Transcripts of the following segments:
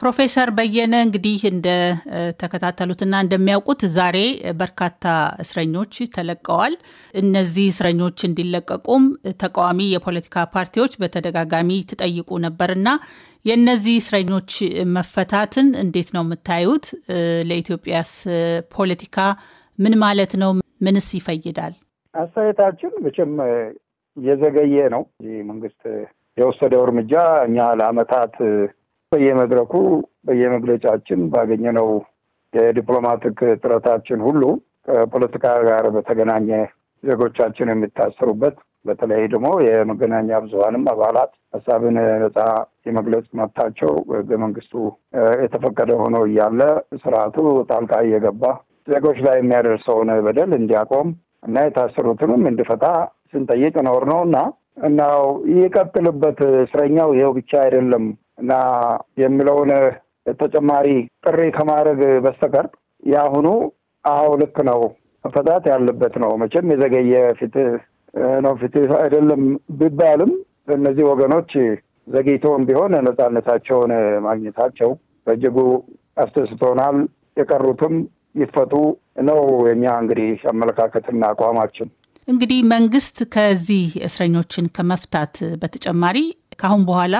ፕሮፌሰር በየነ እንግዲህ ተከታተሉትና እንደሚያውቁት ዛሬ በርካታ እስረኞች ተለቀዋል። እነዚህ እስረኞች እንዲለቀቁም ተቃዋሚ የፖለቲካ ፓርቲዎች በተደጋጋሚ ትጠይቁ ነበርና የእነዚህ እስረኞች መፈታትን እንዴት ነው የምታዩት? ለኢትዮጵያስ ፖለቲካ ምን ማለት ነው? ምንስ ይፈይዳል? አስተያየታችን መቼም የዘገየ ነው። መንግስት የወሰደው እርምጃ እኛ ለአመታት በየመድረኩ በየመግለጫችን ባገኘነው የዲፕሎማቲክ ጥረታችን ሁሉ ከፖለቲካ ጋር በተገናኘ ዜጎቻችን የሚታሰሩበት በተለይ ደግሞ የመገናኛ ብዙሀንም አባላት ሀሳብን ነጻ የመግለጽ መብታቸው ህገ መንግስቱ የተፈቀደ ሆኖ እያለ ስርዓቱ ጣልቃ እየገባ ዜጎች ላይ የሚያደርሰውን በደል እንዲያቆም እና የታሰሩትንም እንድፈታ ስንጠይቅ ኖር ነው እና እናው ይቀጥልበት። እስረኛው ይኸው ብቻ አይደለም እና የሚለውን ተጨማሪ ጥሪ ከማድረግ በስተቀር የአሁኑ አሁ ልክ ነው መፈታት ያለበት ነው። መቼም የዘገየ ፍትህ ነው ፍትህ አይደለም ቢባልም እነዚህ ወገኖች ዘግይተውም ቢሆን ነፃነታቸውን ማግኘታቸው በእጅጉ አስደስቶናል። የቀሩትም ይፈቱ ነው የኛ እንግዲህ አመለካከትና አቋማችን። እንግዲህ መንግስት ከዚህ እስረኞችን ከመፍታት በተጨማሪ ከአሁን በኋላ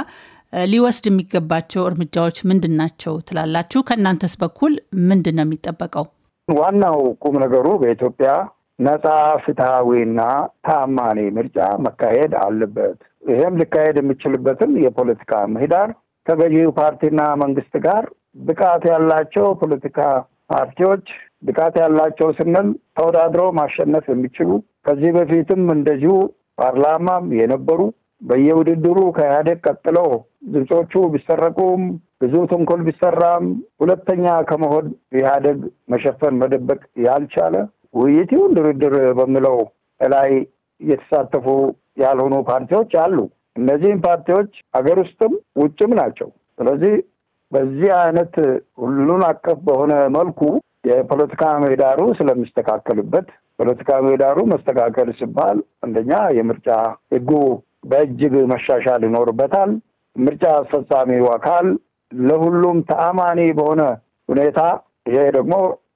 ሊወስድ የሚገባቸው እርምጃዎች ምንድን ናቸው ትላላችሁ? ከእናንተስ በኩል ምንድን ነው የሚጠበቀው? ዋናው ቁም ነገሩ በኢትዮጵያ ነፃ ፍትሐዊና ታማኒ ምርጫ መካሄድ አለበት። ይህም ሊካሄድ የሚችልበትን የፖለቲካ ምህዳር ከገዢው ፓርቲና መንግስት ጋር ብቃት ያላቸው ፖለቲካ ፓርቲዎች ብቃት ያላቸው ስንል ተወዳድረው ማሸነፍ የሚችሉ ከዚህ በፊትም እንደዚሁ ፓርላማም የነበሩ በየውድድሩ ከኢህአዴግ ቀጥሎ ድምፆቹ ቢሰረቁም ብዙ ተንኮል ቢሰራም ሁለተኛ ከመሆን ኢህአዴግ መሸፈን መደበቅ ያልቻለ ውይይት ይሁን ድርድር በሚለው ላይ እየተሳተፉ ያልሆኑ ፓርቲዎች አሉ። እነዚህም ፓርቲዎች ሀገር ውስጥም ውጭም ናቸው። ስለዚህ በዚህ አይነት ሁሉን አቀፍ በሆነ መልኩ የፖለቲካ ምህዳሩ ስለሚስተካከልበት ፖለቲካ ምህዳሩ መስተካከል ሲባል አንደኛ የምርጫ ህጉ በእጅግ መሻሻል ይኖርበታል። ምርጫ አስፈጻሚው አካል ለሁሉም ተአማኒ በሆነ ሁኔታ ይሄ ደግሞ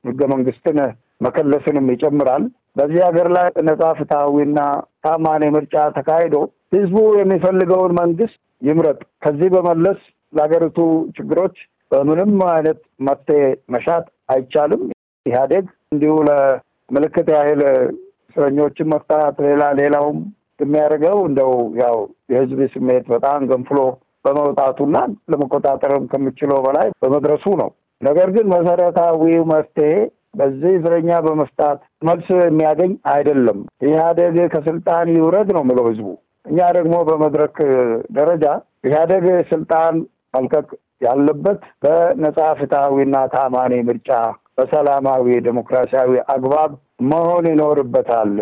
ህገ መንግስትን መከለስንም ይጨምራል። በዚህ ሀገር ላይ ነጻ ፍትሐዊና ታማኒ ምርጫ ተካሂዶ ህዝቡ የሚፈልገውን መንግስት ይምረጥ። ከዚህ በመለስ ለሀገሪቱ ችግሮች በምንም አይነት መፍትሄ መሻት አይቻልም። ኢህአዴግ እንዲሁ ለምልክት ያህል እስረኞችን መፍታት ሌላ ሌላውም የሚያደርገው እንደው ያው የህዝብ ስሜት በጣም ገንፍሎ በመውጣቱና ለመቆጣጠርም ከምችለው በላይ በመድረሱ ነው። ነገር ግን መሰረታዊው መፍትሄ በዚህ እስረኛ በመፍታት መልስ የሚያገኝ አይደለም። ኢህአደግ ከስልጣን ይውረድ ነው የምለው ህዝቡ። እኛ ደግሞ በመድረክ ደረጃ ኢህአደግ ስልጣን መልቀቅ ያለበት በነጻ ፍትሐዊና ታማኒ ምርጫ በሰላማዊ ዴሞክራሲያዊ አግባብ መሆን ይኖርበታል።